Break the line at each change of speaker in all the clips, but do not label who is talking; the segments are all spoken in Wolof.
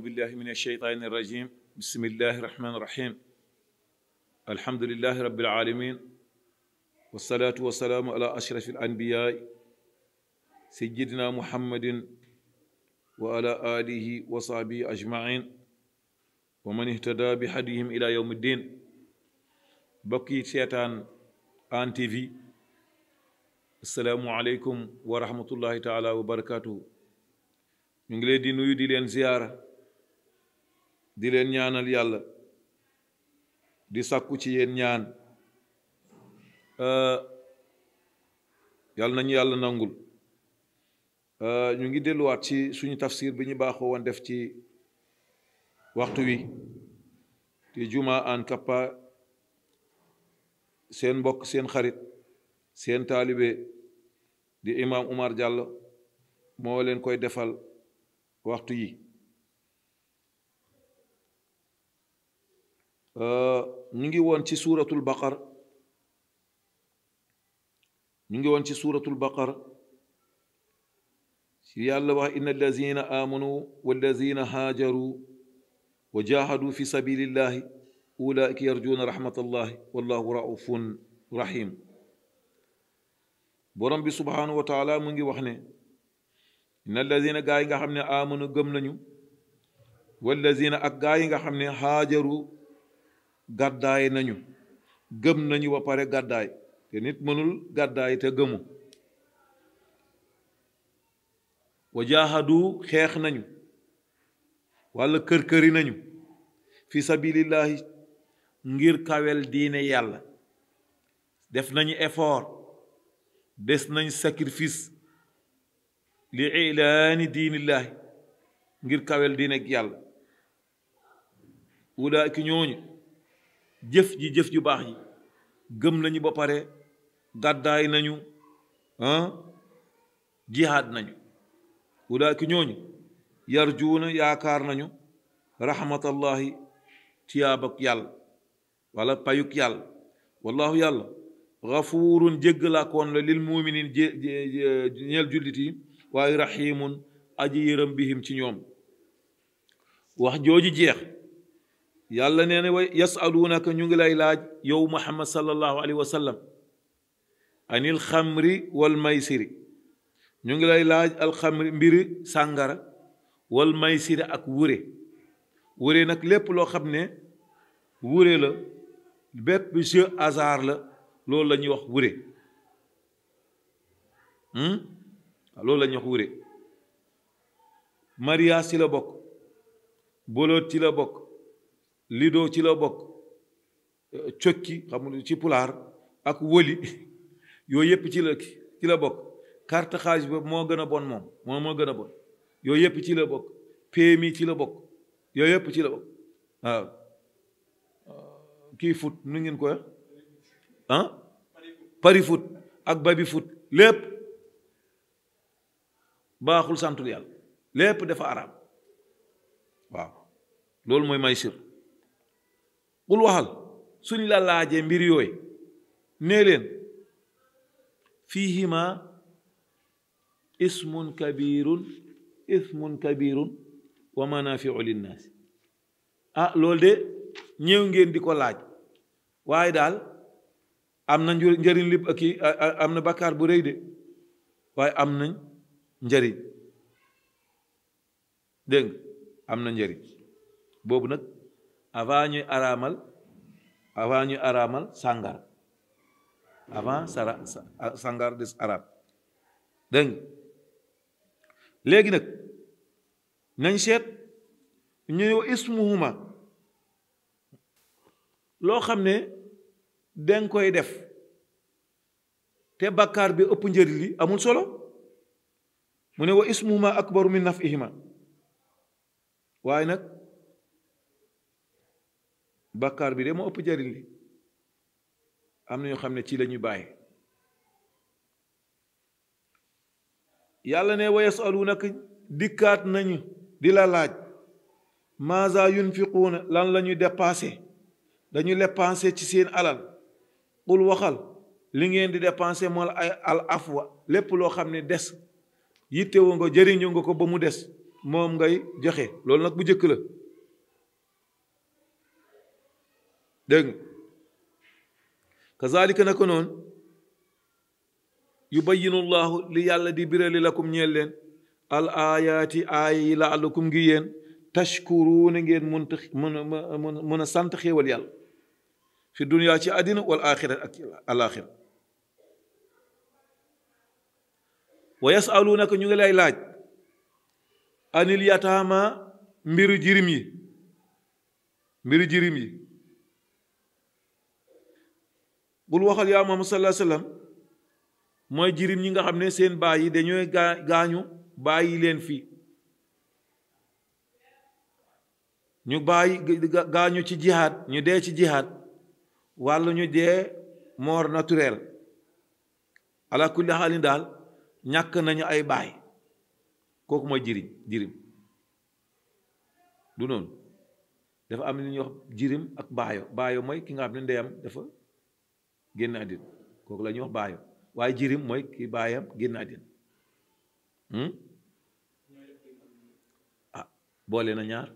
أعوذ بالله من الشيطان الرجيم بسم الله الرحمن الرحيم الحمد لله رب العالمين والصلاة والسلام على أشرف الأنبياء سيدنا محمد وعلى آله وصحبه أجمعين ومن اهتدى بحديهم إلى يوم الدين بقي شيطان آن تي في السلام عليكم ورحمة الله تعالى وبركاته من غير leen di nuyu di di leen ñaanal yàlla di sàkku ci yéen ñaan yàlla nañu yàlla nangul ñu ngi delluwaat ci suñu tafsir bi ñu baaxoo woon def ci waxtu wi te juma an kappa seen mbokk seen xarit seen taalibe di imam Umar Diallo moo leen koy defal waxtu yi آه، نيجي وان سورة البقر نيجي وان سورة البقر يا الله إن الذين آمنوا والذين هاجروا وجاهدوا في سبيل الله أولئك يرجون رحمة الله والله رؤوف رحيم borom bi subhanahu wa ta'ala mu ngi wax ne inna allazina gaay nga xamne amanu gem nañu wal ak gaay nga xamne hajaru gàddaay nañu gëm nañu ba pare gàddaay te nit mënul gàddaay te gëmu wajaahadu xeex nañu walla kër-këri nañu fi sabilillahi ngir kawel diine yàlla def nañu effort des nañ sacrifice li ilaani diinillaahi ngir kawel diine yàlla wulaaki ñooñu jëf ji jëf ju baax ji gëm nañu ba pare gàddaay nañu ah jihaad nañu ulaaki ñooñu yarjuuna yaakaar nañu raxmatallahi tiyaabak yàlla wala payuk yàlla wallahu yàlla gafuurun jéggalaakoon la lil muuminiin ñeel jullit yi waaye raxiimun aji yërëm bihim ci ñoom wax jooju jeex yàlla nee na way yasalunaka ñu ngi lay laaj yow muhammad sallallahu alaihi wasallam anil khamri wal maysiri ñu ngi lay laaj alxamri mbiri sàngara wal maysiri ak wure wure nak lépp loo xam ne wure la bépp jeu hasard la loolu la wax wure hmm la ñuy wax wure maria ci la bokk boloot ci la bokk lido ci la bokk cokki xam ci pulaar ak wëli yooyu yëpp ci la ci la bokk carte xaalis ba moo gën a bon moom moom moo gën a bon yooyu yëpp ci la bokk PMI ci la bokk yooyu yëpp ci la bokk waaw uh, kii foot nu ngeen koy ah pari foot ak baby foot lépp baaxul santul yàlla lépp dafa araam waaw loolu mooy maysir bul waxal suñ la laajee mbir yooyu nee leen fihima ismun kabirun ismun kabirun wa manafiu linnaas ah loolu de ñëw ngeen di ko laaj waaye daal am na njëriñ li ak am na bakkaar bu rëy de waaye am nañ njëriñ dégg am na njëriñ boobu nag avant ñuy araamal avant ñuy araamal sàngar avant sara sàngar des araam dégg léegi nag nañ seet ñuy wa ismuhuma loo xam ne danga koy def te bàkkaar bi ëpp njëriñ li amul solo mu ne wa ismuhuma akbaru min nafihima waaye nag bàkkaar bi de moo ëpp jariñ li am na ñoo xam ne ci lañuy bàyyi yàlla ne wu yasaluunaka dikkaat nañu di la laaj maaza yunfiquuna lan la ñuy dépensé dañu dépensé ci seen alal qul waxal li ngeen di dépensé mooy ay al afwa lépp loo xam ne des yittewoo nga jëriñu nga ko ba mu des moom ngay joxe loolu nag bu jëkk la دين كذلك نكونون يبين الله ليالا دي بيرال لكم نيلن الآيات آي لعلكم غيين تشكرون جين من من سانت خيول يالا في الدنيا تي ادين والاخره الاخره ويسالونك نيغي لاي لاج ان اليتامى مير جيرمي مير جيرمي bul waxal yaa moom sallallahu alayhi mooy jirim ñi nga xam ne seen baay yi dañooy gaa gaañu bàyyi leen fii ñu bàyyi gaañu ci jihaad ñu dee ci jihaad walla ñu dee mort naturelle ala kulli xaalin daal ñàkk nañu ay baay kooku mooy jirim jirim du noonu dafa am lu ñuy wax jirim ak baayo baayo mooy ki nga xam ne ndeyam dafa génn àddina kooku la ñuy wax waaye jirim mooy kii baayam génn àddina hmm? ah boole na ñaar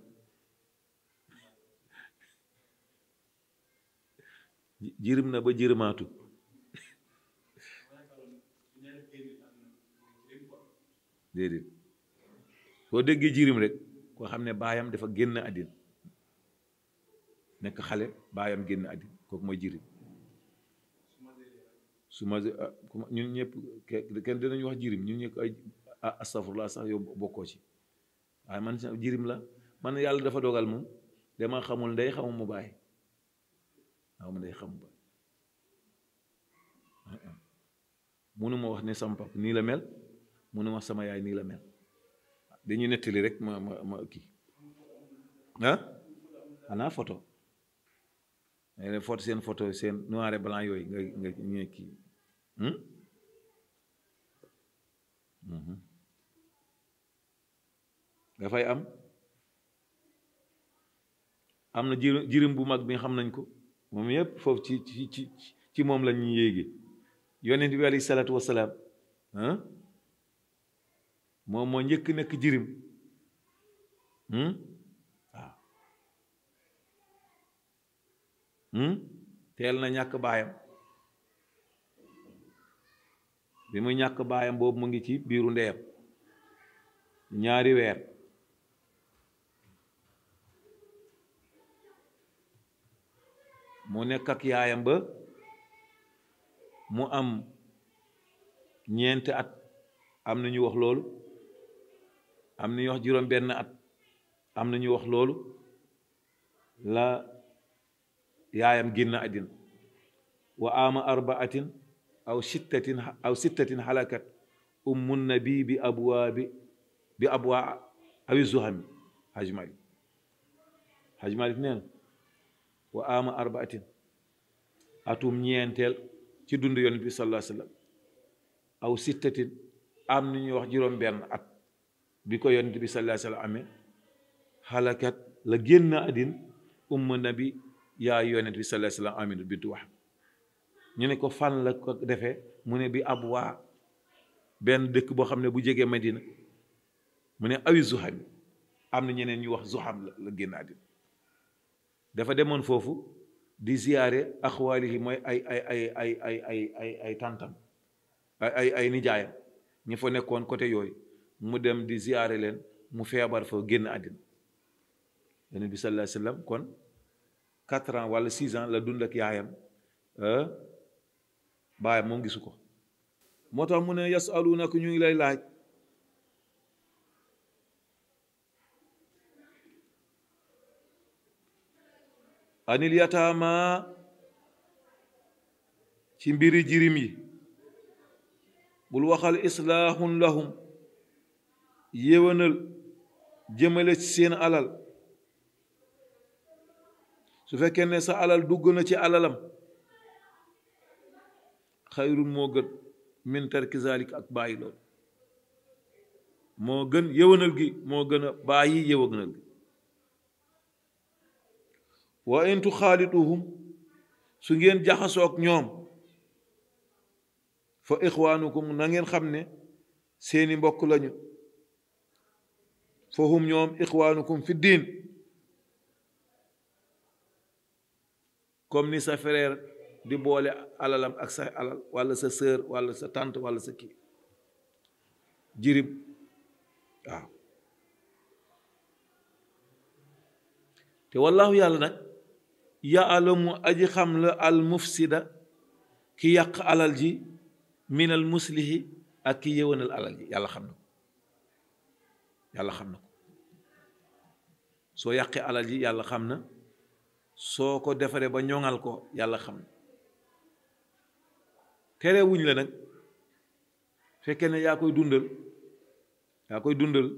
jirim na ba jirimaatu déedéet soo déggee jirim rek koo xam ne baayam dafa génn àddina nekk xale baayam génn àddina kooku mooy jirim su ma ah, ñun ñëpp kenn dinañu wax jirim ñun ñëpp ay ah, astafurlah sax yow bokkoo ci waaye man jirim la man yàlla dafa dogal moom dama xamul ndey xamul mu bàyyi waaw ah, ma ndey xamul bàyyi mënuma wax ne sama pap nii la mel mënuma sama yaay nii la mel dañuy nettali rek ma ma ma kii ah xanaa photo foto seen photo seen noir et yooyu nga nga ñëw kii Hmm? Mhm. dafay am am na jërë jërëm bu mag bi xam nañ ko moom yépp foofu ci ci ci ci moom la ñuy yéege yonent bi alayhi salaatu moom moo njëkk nekk jërëm hmm? hmm? teel na ñàkk baayam bi muy ñàkk baayam boobu mu ngi ci biiru ndeyam ñaari weer mu nekk ak yaayam ba mu am ñeenti at am na ñu wax loolu am na ñu wax juróom benn at am na ñu wax loolu la yaayam génn àddina wa ama arbaatin أو ستة أو ستة هلكت أم النبي بأبواب بأبواب أو الزهم حاج مالك حاج مالك نين وآم أربعة أتوم نينتل ci dund yonent bi sallallahu alayhi wa sallam aw sittatin am na ñuy wax juróom benn at bi ko yonent bi sallallahu alayhi wa sallam amee xalakat la génn àddin umma nabi yaa yonent bi sallallahu alayhi wa sallam amin bintu wax ñu ne ko fan la ko defe mu ne bi ab waa benn dëkk boo xam ne bu jegee Medina mu ne awi zuham am na ñeneen ñu wax zuham la génn àddina dafa demoon foofu di ziyaare axwaali yi mooy ay ay ay ay ay ay ay ay tàntam ay ay nijaayam ñu fa nekkoon côté yooyu mu dem di ziyaare leen mu feebar fa génn àddina yonent bi sallallahu alayhi kon quatre ans wala six ans la dund ak yaayam ah, baayam moom gisu ko moo tax mu ne yasalunaka ñu ngi lay laaj anil yataama ci mbiri jirim yi bul waxal islaahun lahum yéwénal jëmale seen alal su fekkee ne sa alal dugg na ci alalam خير موغن من ترك ذلك اك باي لول موغن يوغنل جي موغن باي يوغنل وان تخالطهم سنجين جحسوك نيوم فاخوانكم نانين خامني سيني مبوك لانيو فهم يوم اخوانكم في الدين كم نسا فرير di boole alalam ak sa alal walla sa sœur walla sa tànt walla sa kii jirib waaw te wallaahu yàlla nag yaalamu aji xam la al mufsida ki yàq alal ji min al muslihi ak ki yëwanal alal ji yàlla xam na ko yàlla xam na ko soo yàqee alal ji yàlla xam na soo ko defaree ba ñoŋal ko yàlla xam na tere wuñ la nag fekke na yaa koy dundal yaa koy dundal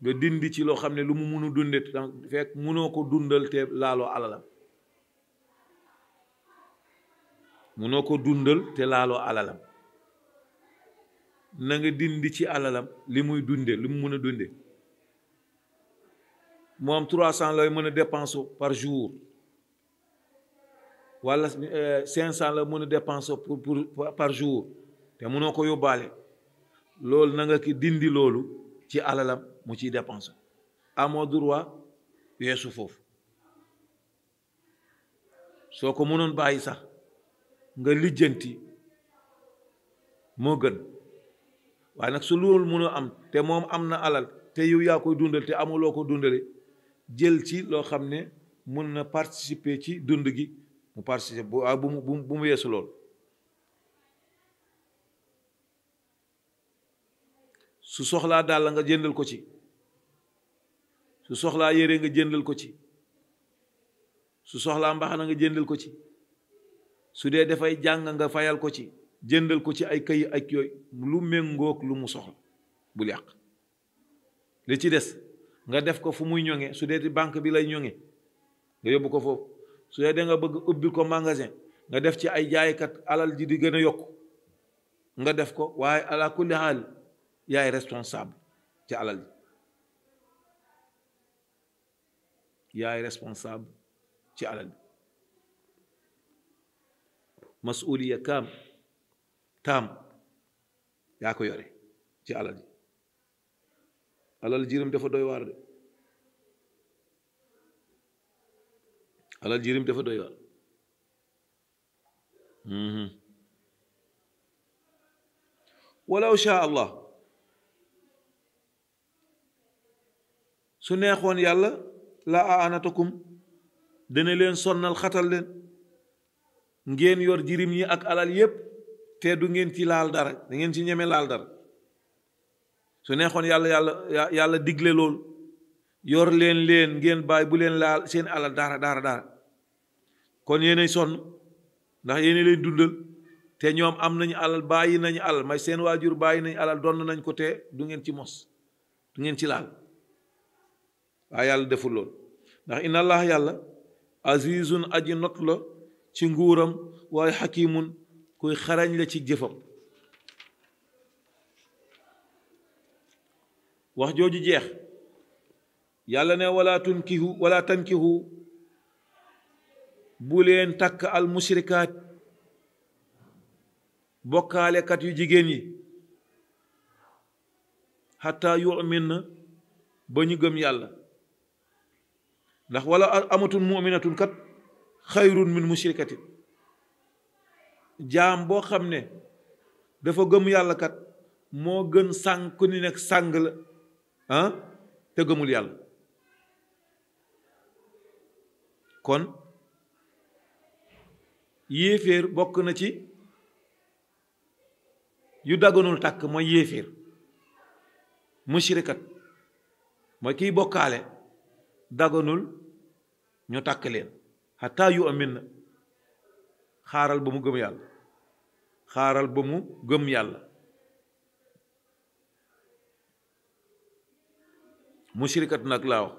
nga dindi ci loo xam ne lu mu munu dundet fekk munoo ko dundal te laaloo alalam munoo ko dundal te laaloo alalam na nga dindi ci alalam li muy dunde li mu mun a dunde moom 300 lay mën a dépense par jour wala eh, cinq cent la mën a dépenser pour pour par jour te mënoo ko yóbbaale loolu nanga ki dindi loolu ci alalam mu ciy dépense amoo droit weesu foofu soo ko mënoon bàyyi sax nga lijjanti moo gën waaye nag su loolu mënoo am te moom am na alal te yow yaa koy dundal te amuloo ko dundale jël ci loo xam ne mën na participer ci dund gi mu participer bu ah bu mu bu mu yeesu lool su soxlaa dàll nga jëndal ko ci su soxlaa yére nga jëndal ko ci su soxlaa mbaxana nga jëndal ko ci su dee dafay jàng nga fayal ko ci jëndal ko ci ay këy ak yooyu lu méngoog lu mu soxla bul yàq li ci des nga def ko fu muy ñoŋe su dee di banque bi lay ñoŋe nga yóbbu ko foofu su dee da nga bëgg ubbi ko magasin nga def ci ay jaaykat alal ji di gën a yokk nga def ko waaye ala kulli xaal yaay ci alal ji yaay responsable ci alal ji masuliya kaam taam yaa ko yore ci alal ji alal jiram dafa doy waar de alal jirim dafa doy hmm walaw sha allah su neexoon yàlla la aanatakum dene len sonnal khatal len ngeen yor jirim yi ak alal yeb te du ngeen ci lal dar da ngeen ci ñeme lal dar su neexoon yàlla yàlla yàlla digle lol yor len len ngeen bay bu len lal seen alal dara dara dara kon yéenay sonn ndax yéena leen dundal te ñoom am nañu alal bàyyi nañu alal may seen waajur bàyyi nañu alal donn nañ ko te du ngeen ci mos du ngeen ci laal waaye yàlla deful lool ndax inna allah yàlla azizun aji not la ci nguuram waaye xakimun kuy xarañ la ci jëfam wax jooju jeex yàlla ne wala tunkihu wala tankihu bu leen takk al mushrikaat bokkaalekat yu jigéen yi xataa yumin na ba ñu gëm yàlla ndax wala amatun muminatun kat xayrun min mushrikatin jaam boo xam ne dafa gëm yàlla kat moo gën sànq ni nekk sàng la ah te gëmul yàlla kon yéeféer bokk na ci yu daganul takk mooy yéeféer mushrikat mooy kiy bokkaale daganul ñu takk leen xataa yu amin na xaaral ba mu gëm yàlla xaaral ba mu gëm yàlla mushrikat nag laa wax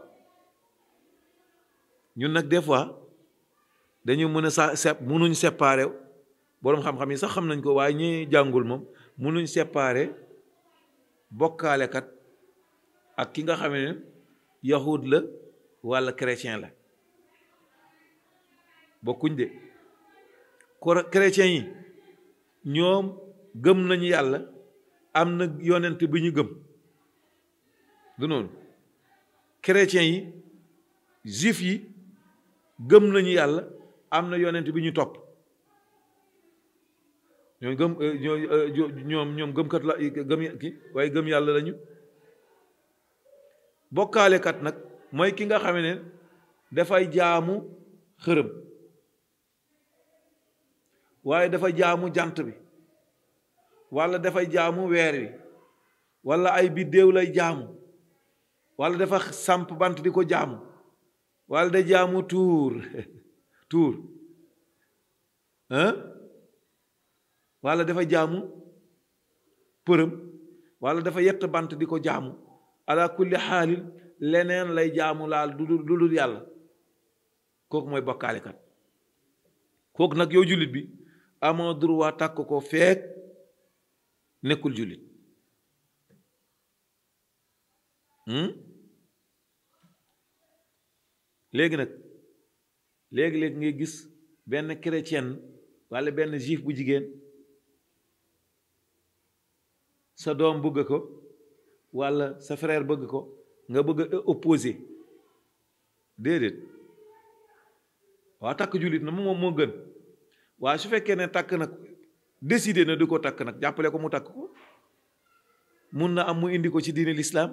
ñun nag des fois dañu mën a sa se munuñ séparé boroom xam-xam yi sax xam nañ ko waaye ñi jàngul moom munuñ séparé bokkaalekat ak ki nga xam ne yahud la walla chrétien la bokkuñ de ko chrétien yi ñoom gëm nañu yàlla am na yonent bi ñu gëm du noonu chrétien yi juif yi gëm nañu yàlla am na yonent bi ñu topp ñoom gëm eh, eh, ñoom ñoom gëmkat la gëm ki waaye gëm yàlla lañu bokkaalekat nag mooy ki nga xame ne dafay jaamu xërëm waaye dafa jaamu jant bi walla dafay jaamu weer wi walla ay biddéew lay jaamu walla dafa samp bant di ko jaamu walla da jaamu tuur tuur ah dafa jaamu përëm wala dafa yett bant di ko jaamu ala kulli xaalil leneen lay jaamu laal du du dul yàlla kooku mooy bokkaalekat kooku nag yow jullit bi amoo droit tàkk ko feek nekkul jullit hmm? léegi nag léegi léeg ngay gis benn chrétien walla benn juif bu jigéen sa doom bëgg ko walla sa frère bëgg ko nga bëgg a opposé déedéet waa takk jullit na mu moom moo gën waaye su fekkee ne takk nag décidé na du ko takk nag jàppale ko mu takk ko mun na am mu indi ko ci diine lislaam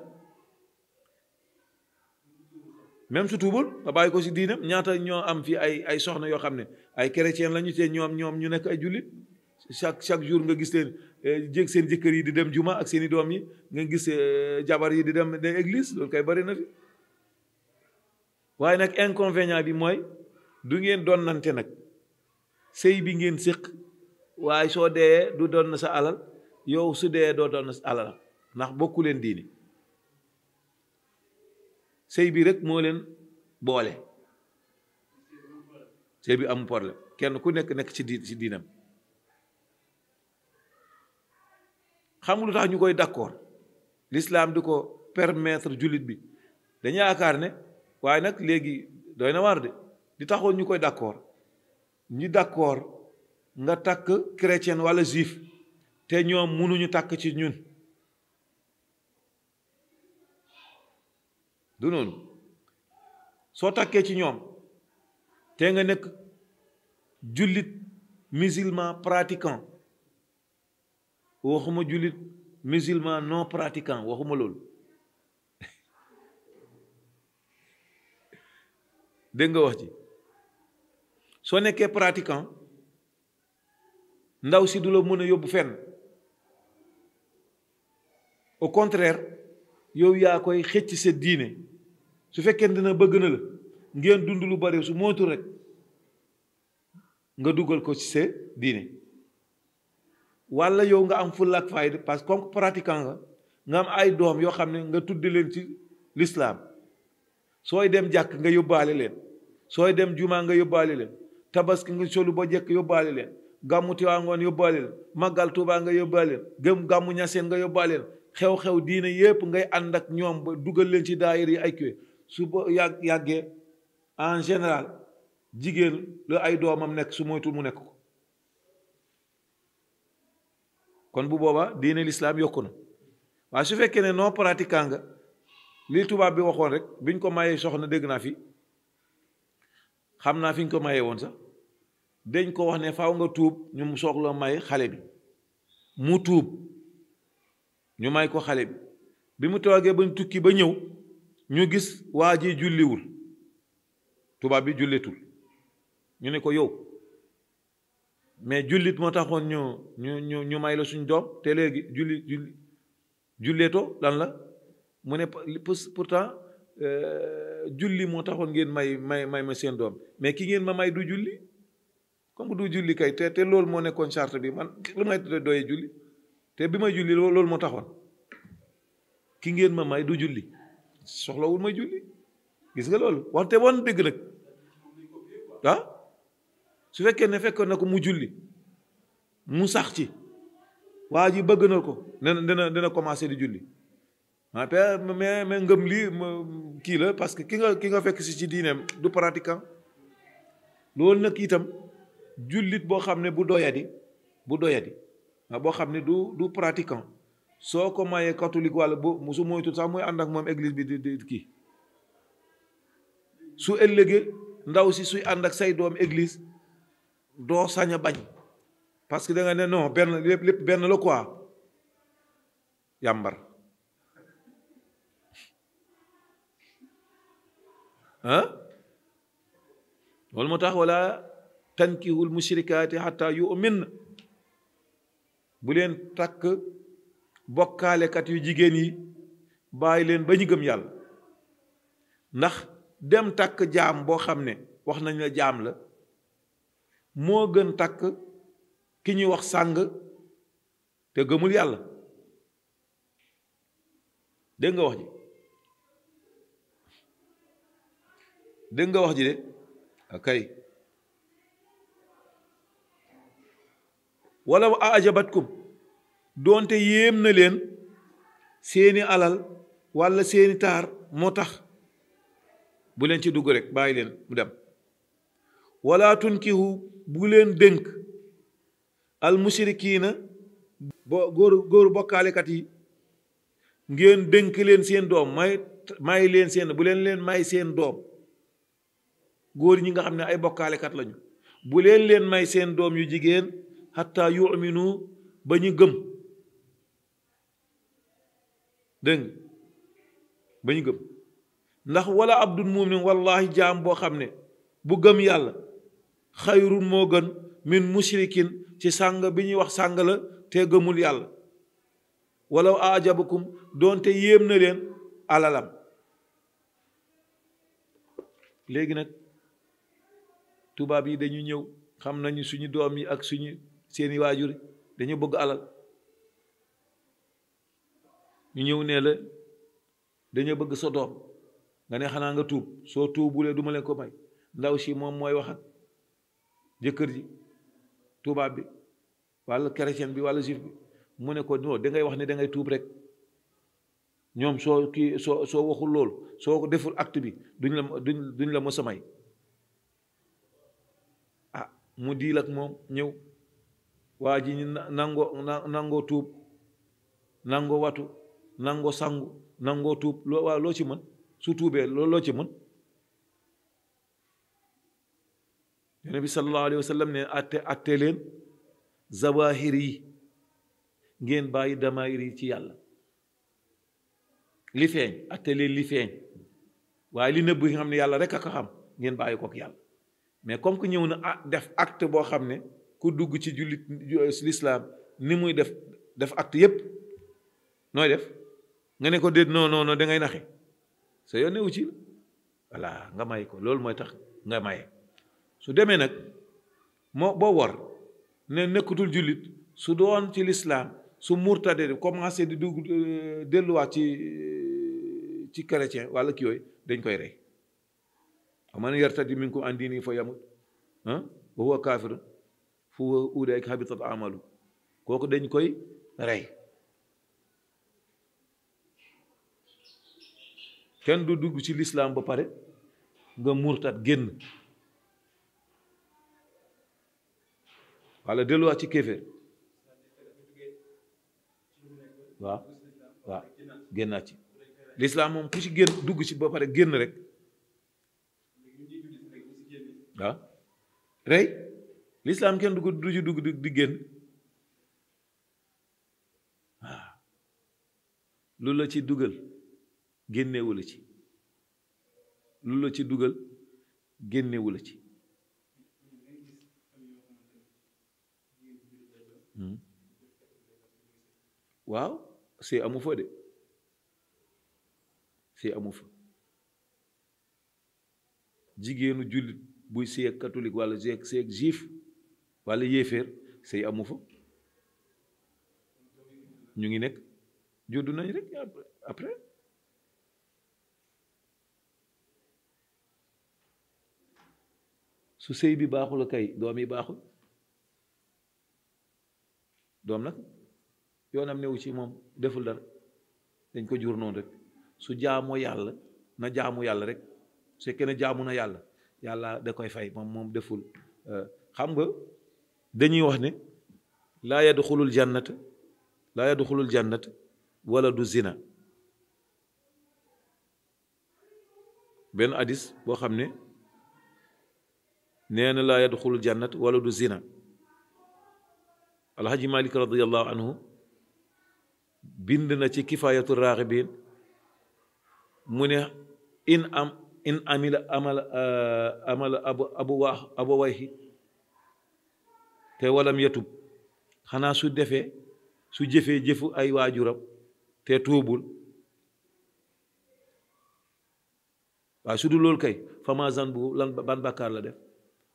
même su tuubul nga bàyyi ko si diinam ñaata ñoo am fi ay ay soxna yoo xam ne ay chrétien lañu te ñoom ñoom ñu nekk ay jullit chaque chaque jour nga gis leen eh, jéeg seen jëkkër yi di dem juma ak seeni doom yi nga gis eh, jabar yi di dem de église loolu kay bari na fi waaye nag inconvénient bi mooy du ngeen donnante nag sëy bi ngeen séq waaye soo dee du doon na sa alal yow su dee doo doon na sa alal ndax bokku leen diini sëy bi rek moo leen boole sëy bi am problème kenn ku nekk nekk ci di ci diinam xam lu tax ñu koy d'accord lislaam di ko permettre jullit bi dañu yaakaar ne waaye nag léegi doy na waar de di taxoon ñu koy d'accord ñu d'accord nga takk chrétien walla juif te ñoom mënuñu takk ci ñun du noonu soo takkee ci ñoom te nga nekk jullit musulman pratiquant waxuma jullit musulman non pratiquant waxuma loolu dégg nga wax ci soo nekkee pratiquant ndaw si du la mën a yóbbu fenn au contraire yow yaa koy xëcc sa diine su fekkee dina bëgg na la ngeen dund lu bari su moytu rek nga dugal ko ci sa diine walla yow nga am fulla ak fayda parce que comme pratiquant nga nga am ay doom yoo xam ne nga tudd leen ci lislaam sooy dem jàkk nga yóbbaale leen sooy dem jumaa nga yóbbaale leen tabaski nga solu ba jekk yóbbaale leen gàmmu Tiwaawan yóbbaale leen màggal Tuubaa nga yóbbaale leen gëm gàmmu ñaseen nga yóbbaale leen xew-xew diine yépp ngay ànd ak ñoom ba dugal leen ci daayir ay su ba yàgg yàggee en général jigéen la ay doomam nekk su moytul mu nekk ko kon bu booba diine lislaam yokku na waaye su fekkee ne noo pratiquant nga li tubaab bi waxoon rek biñ ko mayee soxna dégg naa fi xam naa fi ñu ko mayee woon sax dañ ko wax ne faw nga tuub ñu mu soog la may xale bi mu tuub ñu may ko xale bi bi mu toogee bañ tukki ba ñëw Nyo gis waje julli woul. Tou babi jullet woul. Nyo ne kwa yow. Me jullit mwotakon nyo may los yon jom. Tere julleto lan la. Mwen e pwos pwotan euh, julli mwotakon gen may mesyen jom. Me kingen mama yi dou julli. Konkou dou julli kaye. Tere lor mwone kon charte di. Man kwen mwen te doye julli. Tere bima julli lor, lor mwotakon. Kingen mama yi dou julli. soxlawul may julli gis nga loolu wante woon dëgg nag ah su fekkee ne fekkoon na ko mu julli mu sax ci waa ji bëgg na ko dana dana dana commencé di julli ah mais mais ngëm lii kii la parce que ki nga ki nga fekk si ci diineem du pratiquant loolu nag itam jullit boo xam ne bu doyadi bu doyadi boo xam ne du du pratiquant soo ko mayee catholique walla bu su moytu sax mooy ànd ak moom église bi di kii su ëllëgee ndaw si suy ànd ak say doom église doo sañ bañ parce que da ne non benn lépp lépp benn la quoi yàmbar ah loolu moo tax wala tankihul mushrikaati xataa yu'min bu leen takk bokkaalekat yu jigéen yi bàyyi leen ba ñu gëm yàlla ndax dem takk jaam boo xam ne wax nañ la jaam la moo gën takk ki ñuy wax sàng te gëmul yàlla dégg nga wax ji dégg nga wax ji de akay wala ajabatkum doonte yéem na leen seeni alal walla seeni taar moo tax bu leen ci dugg rek bàyyi leen mu dem wala tunkihu bu leen dénk al musrikiina bo góor góoru bokkaalekat yi ngeen dénk leen seen doom may may leen seen bu leen leen may seen doom góor ñi nga xam ne ay bokkaalekat lañu bu leen leen may seen doom yu jigéen xataa yu'minu ba ñu gëm dégg ba ñu gëm ndax walla abdul mumin wallahi jaam boo xam ne bu gëm yàlla xayrun moo gën min mushrikin ci sàng bi ñuy wax sàng la te gëmul yàlla walaw ajabakum doonte yéem na leen alalam léegi nag tubaab yi dañu ñëw xam nañu suñu doom yi ak suñu seeni waajur dañu bëgg alal ñu ñëw nee la dañoo bëgg sa doom nga ne xanaa nga tuub soo tuubulee du ma leen ko may ndaw si moom mooy wax ak jëkkër ji tubaab bi walla chrétien bi walla juif bi mu ne ko non dangay wax ne dangay tuub rek ñoom soo kii soo soo waxul loolu soo deful acte bi duñ la duñ duñ la mës a may ah mu diil ak moom ñëw waa ji ñu nangoo nangoo tuub nangoo watu nangoo sangu nangoo tuub loo waaw loo ci mën su tuubee loolu loo ci mën yonent bi sallallahu alayhi wa sallam ne atte atte leen zawahir yi ngeen bàyyi damaayir yi ci yàlla li feeñ atte leen li feeñ waaye li nëbb yi xam ne yàlla rek a xam ngeen bàyyi kook yàlla mais comme que ñëw na def acte boo xam ne ku dugg ci jullit euh, lislaam ni muy def def acte yépp nooy def nga ne ko déet non non non da ngay naxe sa yoon newu ci voilà nga may ko loolu mooy tax nga maye su demee nag moo boo war ne nekkatul jullit su doon ci lislaam su murtade di commencé di dugg euh, delluwaat ci euh, ci chrétien wala ki yooyu dañ koy rey aman yartadi minkum an diini fa yamut ah wa huwa amalu kooku dañ koy rey kenn du dugg ci lislaam ba pare nga murtat génn walla delluwaat ci kéeféer waaw waaw génnaat ci lislaam moom ku ci génn dugg ci ba pare génn rek waaw rey lislaam kenn du ko du ci dugg di génn waaw lu la ci dugal génnewula ci lu la ci dugal génnewula ci hmm? waaw sëy amu fa de sëy amu fa jigéenu jullit buy sëy ak catholique walla sëy ak sëy ak juif walla yéeféer sëy amu fa ñu ngi nekk juddu nañ rek après su sëy bi baaxul kay doom yi baaxul doom nag yoonam newu ci moom deful dara dañ ko jur noonu rek su jaamoo yàlla na jaamu yàlla rek su fekkee jaamu na yàlla yàlla da koy fay moom moom deful euh, xam nga dañuy wax ne laa yadxulul jannata laa yadxulul jannata wala du zina benn hadis boo xam ne نين لا يدخل الجنة ولد الزنا الحاج مالك رضي الله عنه بندنا تي كفاية الراغبين من إن أم إن أمل أمل آه، أمل أبو أبو واه أبو واه تي ولم يتوب خنا سو دفي سو جفي جفو أي واجرب تي توبول با آه، لول كاي فما زنبو لان بان بكار لا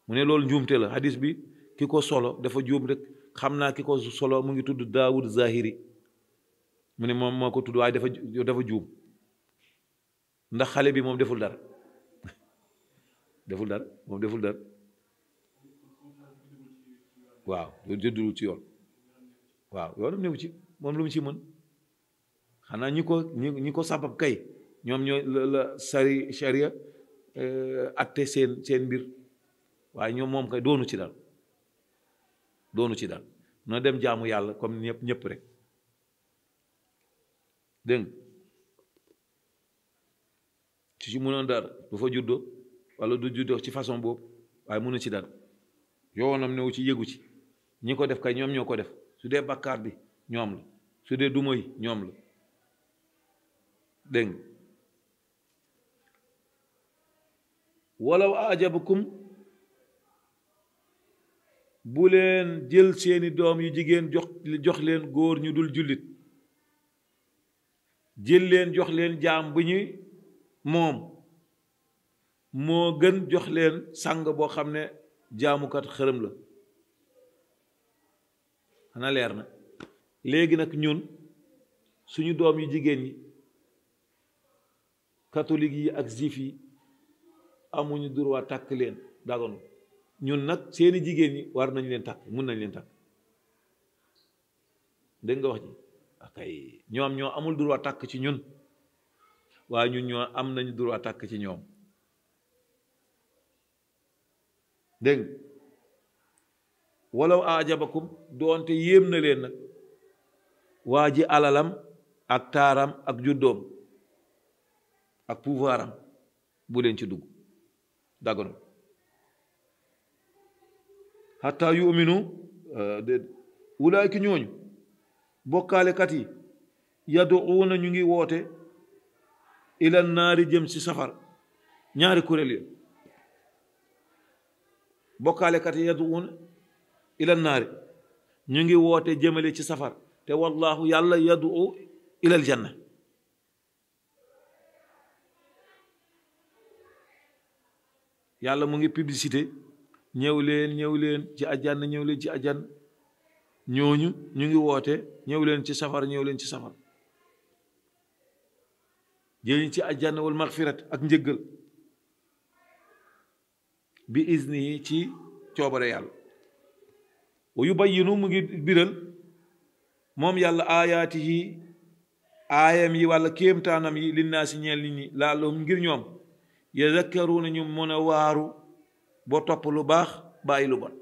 mune lol njumte la hadis bi kiko solo dafa jum rek xamna kiko solo mu ngi tuddu daawud zahiri mune mom moko tuddu ko dafa dafa juum ndax xale bi mom deful dar, deful dar, mom deful dar, waaw do jëddul ci yoon waaw yoonam newu ci mom lum ci mën xana ñiko ñiko sabab kay ñom ñoy la sari sharia euh, atté sen sen bir waaye ñoom moom kay doonu ci dal doonu ci dal na dem jaamu yàlla comme ñëpp ñëpp rek dégg ci ci mënoon dara du fa juddoo walla du juddoo ci façon boobu waaye mënu ci dara yoonam newu ci yëgu ci ñi ko def kay ñoom ñoo ko def su dee bàkkaar bi ñoom la su dee duma yi ñoom la dégg walaw ajabakum bu leen jël seeni doom yu jigéen jox jox leen góor ñu dul jullit jël leen jox leen jaam bu ñu moom moo gën jox leen sàng boo xam ne jaamukat xërëm la xanaa leer na léegi nag ñun suñu doom yu jigéen yi catholique yi ak juif yi amuñu droit tàkk leen dagonu ñun nag seeni jigéen ñi war nañu leen takk mun nañ leen takk dégg nga wax ji akay ñoom ñoo amul droit takk ci ñun waaye ñun ñoo am takk ci ñoom dégg walaw aajabakum doonte yéem na leen nag waa ji alalam ak taaram ak juddoom ak pouvoiram bu leen ci dugg daganul hatta yuminu eh, ulaika ñooñu bokkaale kati yaduuna ñu ngi woote ila naari jëm si safar ñaari kurel yo bokkaale kati yaduuna ila naari ñu ngi woote jëmale ci safar te wallahu yàlla yaduu ila aljanna yàlla mu ngi publicité ñëw leen ñëw leen ci àjjana ñëw leen ci ajan ñooñu ñu ngi woote ñëw leen ci safara ñëw leen ci safara jëliñ ci àjjana wal maxfirat ak njëggal bi izni yi ci coobare yàlla wa yubayyinu mu ngi biral moom yàlla aayaati yi aayam yi walla kéemtaanam yi linnaasi ci nit ñi laalum ngir ñoom yazakkaruuna ñu mën a waaru boo topp lu baax bàyyi lu bon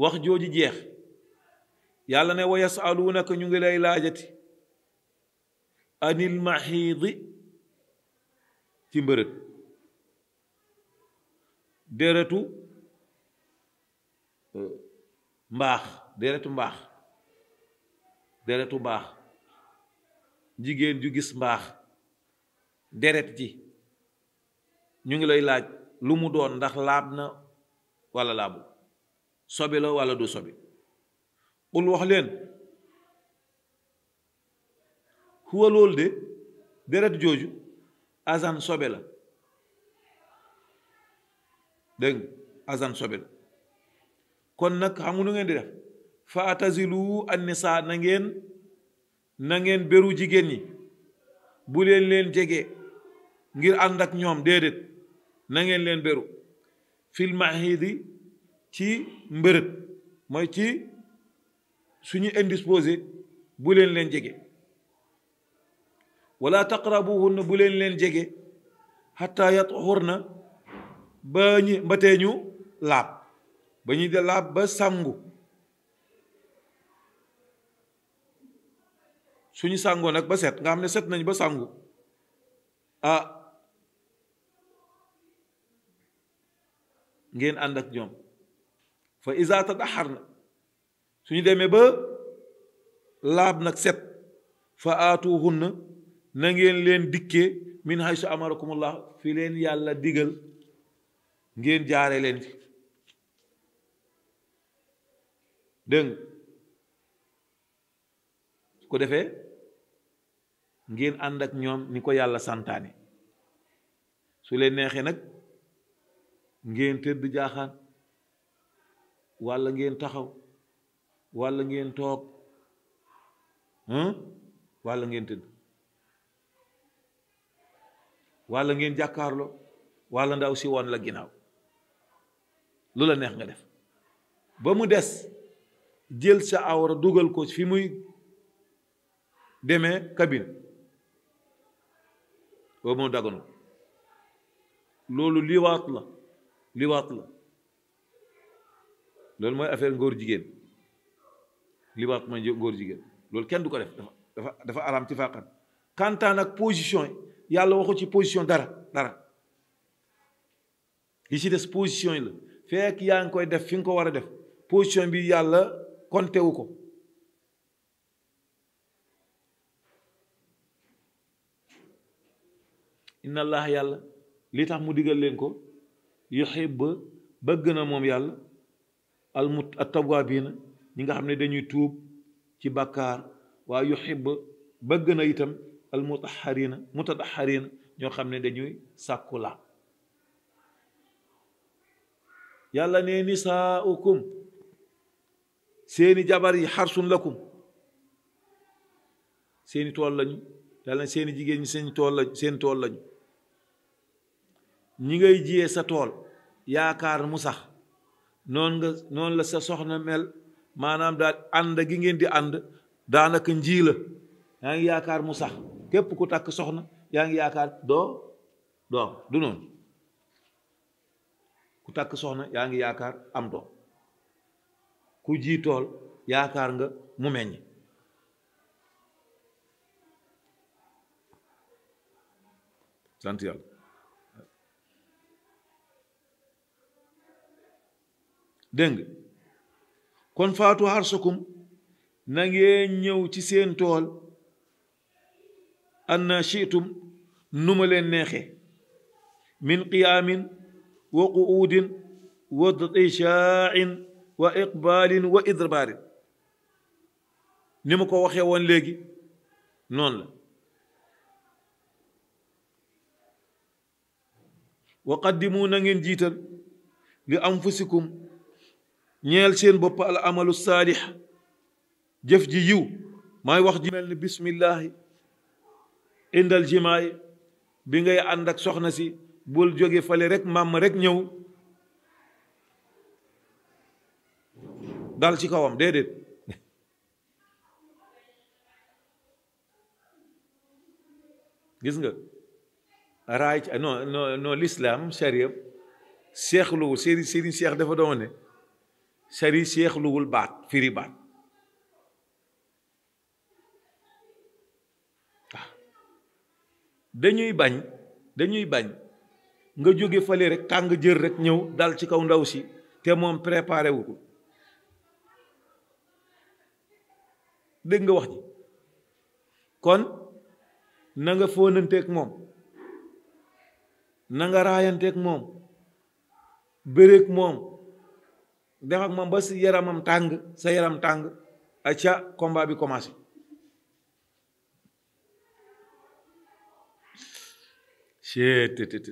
wax jooju jeex yàlla na ne wu yasaluunaka ñu ngi lay laajati anil maxiidi ci mbërëg déretu euh, mbaax déretu mbaax déretu mbaax jigéen ju gis mbaax deret ji ñu ngi lay laaj lu mu doon ndax laab na wala laabu sobe la wala du sobi qul wax leen huwa loolu de deret jooju azan sobe la dégg azan sobe la kon nag xam nu ngeen di def fa atazilu annisa na ngeen beru jigéen ñi bu leen leen jege ngir ànd ak ñoom déedéet nangeen ngeen leen beru fil di ci mbërëg mooy ci suñu indisposé bu leen leen jege wala taqrabuhunna bu leen leen jege xataa yatuhurna ba ñu ba ñu laab ba ñuy de laab ba sangu suñu sàngoo nag ba set nga xam ne set nañ ba sàngu ah ngeen ànd ak ñoom fa isa xar na suñu demee ba laab nag set fa aatuhunna na ngeen leen dikkee min haysu amarakumullah fi leen yàlla diggal ngeen jaare leen fi dégg su ko defee ngeen ànd ak ñoom ni ko yàlla santaane su leen neexee nag ngeen tëdd jaaxaan walla ngeen taxaw walla ngeen toog hmm? walla ngeen tëdd walla ngeen jàkkaarloo walla ndaw si woon la ginnaaw lu la neex nga def ba mu des jël sa awra dugal ko fi muy deme kabin boobu mu daganu loolu liwaat la liwaat la loolu mooy affaire ngóor jigéen liwaat mooy ngóor jigéen loolu kenn du ko def dafa dafa dafa araam kantaan ak position yàlla waxu ci position dara dara li ci des position yi la feek yaa ngi koy def fi nga ko war a def position bi yàlla konte wu ko inna allah yàlla li tax mu diggal leen ko yu yuhib bëgg na moom yàlla al mut at ñi nga xam ne dañuy tuub ci bàkkaar waaye yuhib bëgg na itam al mutahharina mutatahharina ñoo xam ne dañuy sàkku la yàlla ne nisaaukum seeni jabar yi xarsun lakum seeni tool lañu yàlla ne seeni jigéen ñi seeni tool lañu seeni tool lañu ñi ngay jiyee sa tool yaakaar mu sax noon nga noon la sa soxna mel maanaam daal ànd gi ngeen di ànd daanaka njii yaa ngi yaakaar mu sax képp ku takk soxna yaa ngi yaakaar doo doom du noonu ku takk soxna yaa ngi yaakaar am doom ku ji tool yaakaar nga mu meññ sant yàlla dégg nga kon faatu harsakum na ngeen ñëw ci seen tool anna shiitum numa leen neexe min qiyaamin wa qu'uudin wa dishaain wa iqbaalin wa idrbaarin ni ma ko waxee woon léegi noonu la wa qaddimu na ngeen jiital li anfusikum ñeel seen bopp al amalu saalix jëf ji yiw maay wax ji mel ni bismillaahi indal jimaay bi ngay ànd ak soxna si bul jóge fale rek màmm rek ñëw dal ci kawam déedéet gis nga raaj non non non l'islam charia seexluwul sëriñ sëriñ seex dafa doon sari seexluwul baat firi dañuy bañ dañuy bañ nga jóge fale rek kàng jër rekk ñëw dal ci kaw ndaw si te moom préparé wu ko dégg nga wax ji kon nanga nga moom na nga raayanteeg moom bëreek moom def ma moom ba si yaramam tàng sa yaram tàng acca combat bi commencé cettt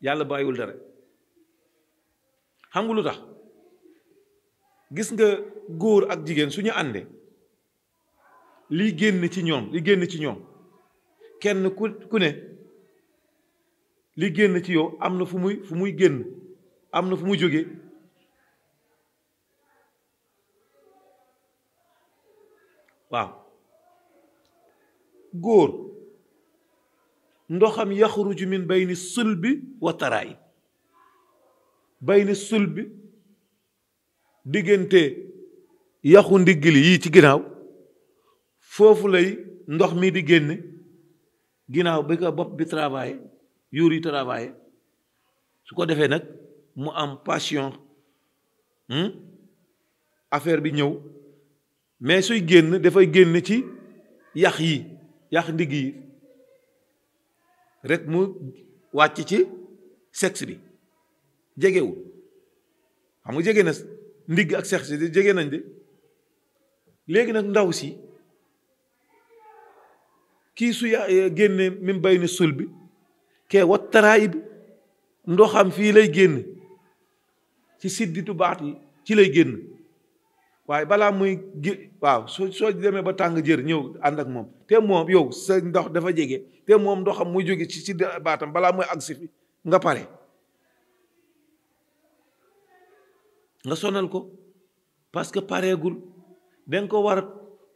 yàlla bàyyiwul dara xam nga lu tax gis nga góor ak jigéen suñu àndee lii génn ci ñoom li génn ci ñoom kenn ku ku ne lii génn ci yow am na fu muy fu muy génn am na fu mu jóge waaw góor ndoxam yaxruju min bayni sulbi wa taraayib bayni sulbi diggante yaxu ndiggali yi ci ginnaaw foofu lay ndox mi di génne ginnaaw bi ko bopp bi travaillé yuur yi travaillé su ko defee nag mu am passion hmm, affaire bi ñëw mais suy génn dafay génn ci yax yi yax ndigg yi rek mu wàcc ci sexe bi jegewul xam nga jege na ndigg ak sex bi jege nañ de léegi nag ndaw si kii su eh, génne min bay ni sul bi kee wat bi ndoxam fii lay génn ci siddi sidditu baat yi ci lay génn waaye balaa muy gi waaw soo soo demee ba tàng jër ñëw ànd ak moom te moom yow sa ndox dafa jege te moom ndoxam muy jóge ci ci baatam balaa muy agsi fi nga pare nga sonal ko parce que pareegul danga ko war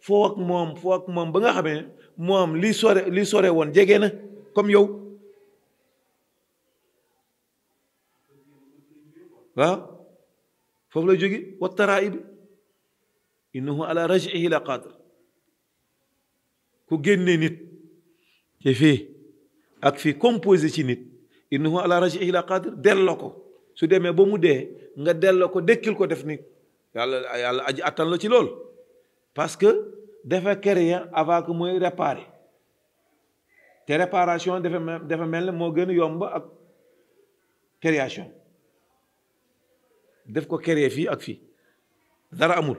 foo ba nga xamee moom li sore woon jege na comme yow foofu la jóge wattaraay bi انه على رجعه لا قادر ku génne nit ci اك في fii composé ci nit innahu ala raj'ihi la qadir delloo ko su دي nga delloo ko dékkil ko def ni yàlla yàlla aji attan la ci lol parce que defa créer avant que moy réparer te réparation defa defa mel mo gëna yomb ak création def ko créer fi ak fi dara amul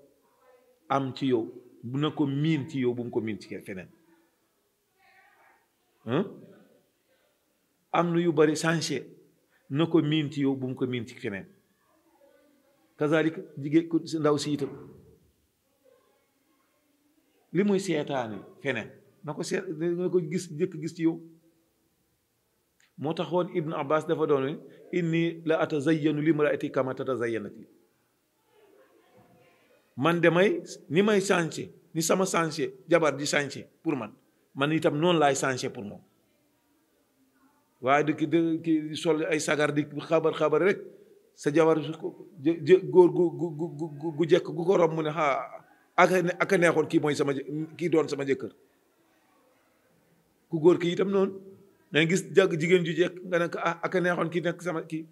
am ci yow bu na ko miin ci yow bu mu ko miin ci feneen am na yu bari changé na ko miin ci yow bu mu ko miin ci feneen kazalik jigéen ku ndaw si itam li muy seetaane feneen na ko seet na ko gis jëkk gis ci yow moo taxoon Ibn Abbas dafa doon inni la atazayyanu limraati kama tatazayyanati man damay ni may changé ni sama changé jabar di changé pour man man itam noonu laay changé pour moom waaye di ki di sol ay sagar di xabar xabar rek sa jabar góor gu gu gu jekk gu ko rob mu ne xaa ah, ak neexoon kii mooy sama kii doon sama jëkkër ku góor ki itam noonu danga gis jàgg jigéen ju jekk nga ne ah ak neexoon kii nekk sama ki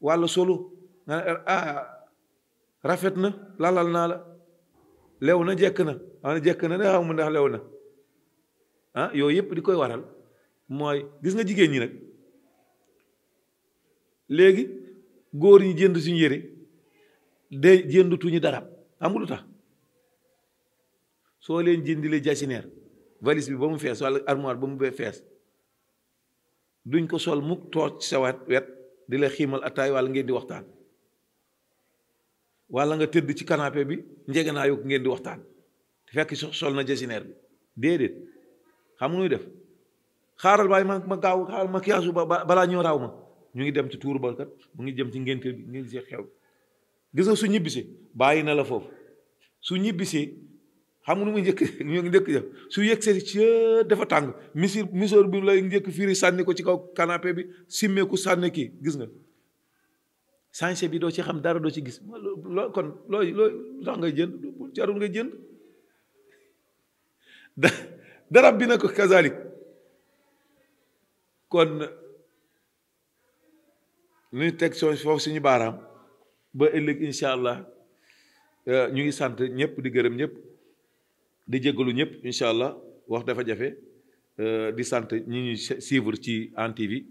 wàllu solo rafet na lalal naa la lew na jekk na xaw na jekk na ne xaw mu ndax lew na ah yooyu yëpp di koy waral mooy gis nga jigéen ñi nag léegi góor ñi jënd suñu yére de jëndutuñu dara am lu tax soo leen jëndilee jasineer valise bi ba mu fees walla armoire ba mu bee fees duñ ko sol mukk toog sa wet di la xiimal ataay walla ngeen di waxtaan wala nga tëdd ci canapé bi njëgënaayu ngeen di waxtaan fekk sol na jasineer bi déedéet xam nuy def xaaral baay ma ma gaaw xaaral ma kiyaasu ba balaa ñoo raaw ma ñu ngi dem ci tuuru ba kat mu ngi jëm ci ngénte bi ngi si xew su ñibbisee bàyyi na la foofu su ñibbisee xam nga njëkk ñu ngi njëkk def su yëgsee ci dafa tàng misir misóor bi lay njëkk fiiri sànni ko ci kaw canapé bi simmee ku sànni kii gis nga sañse bi do ci xam dara do ci gis lo kon lo lo tax ngay jënd jarul ngay jënd darab bi na kazalik kon ni tek so fof suñu baram ba ëllëg insha allah euh, ñu ngi sante ñepp di gërëm ñepp di jéggalu ñepp insha allah wax dafa euh di sante ñi ñu suivre ci en tv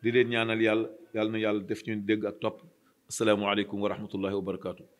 di leen ñaanal yalla يالنا يال ديفني ديغ اك السلام عليكم ورحمه الله وبركاته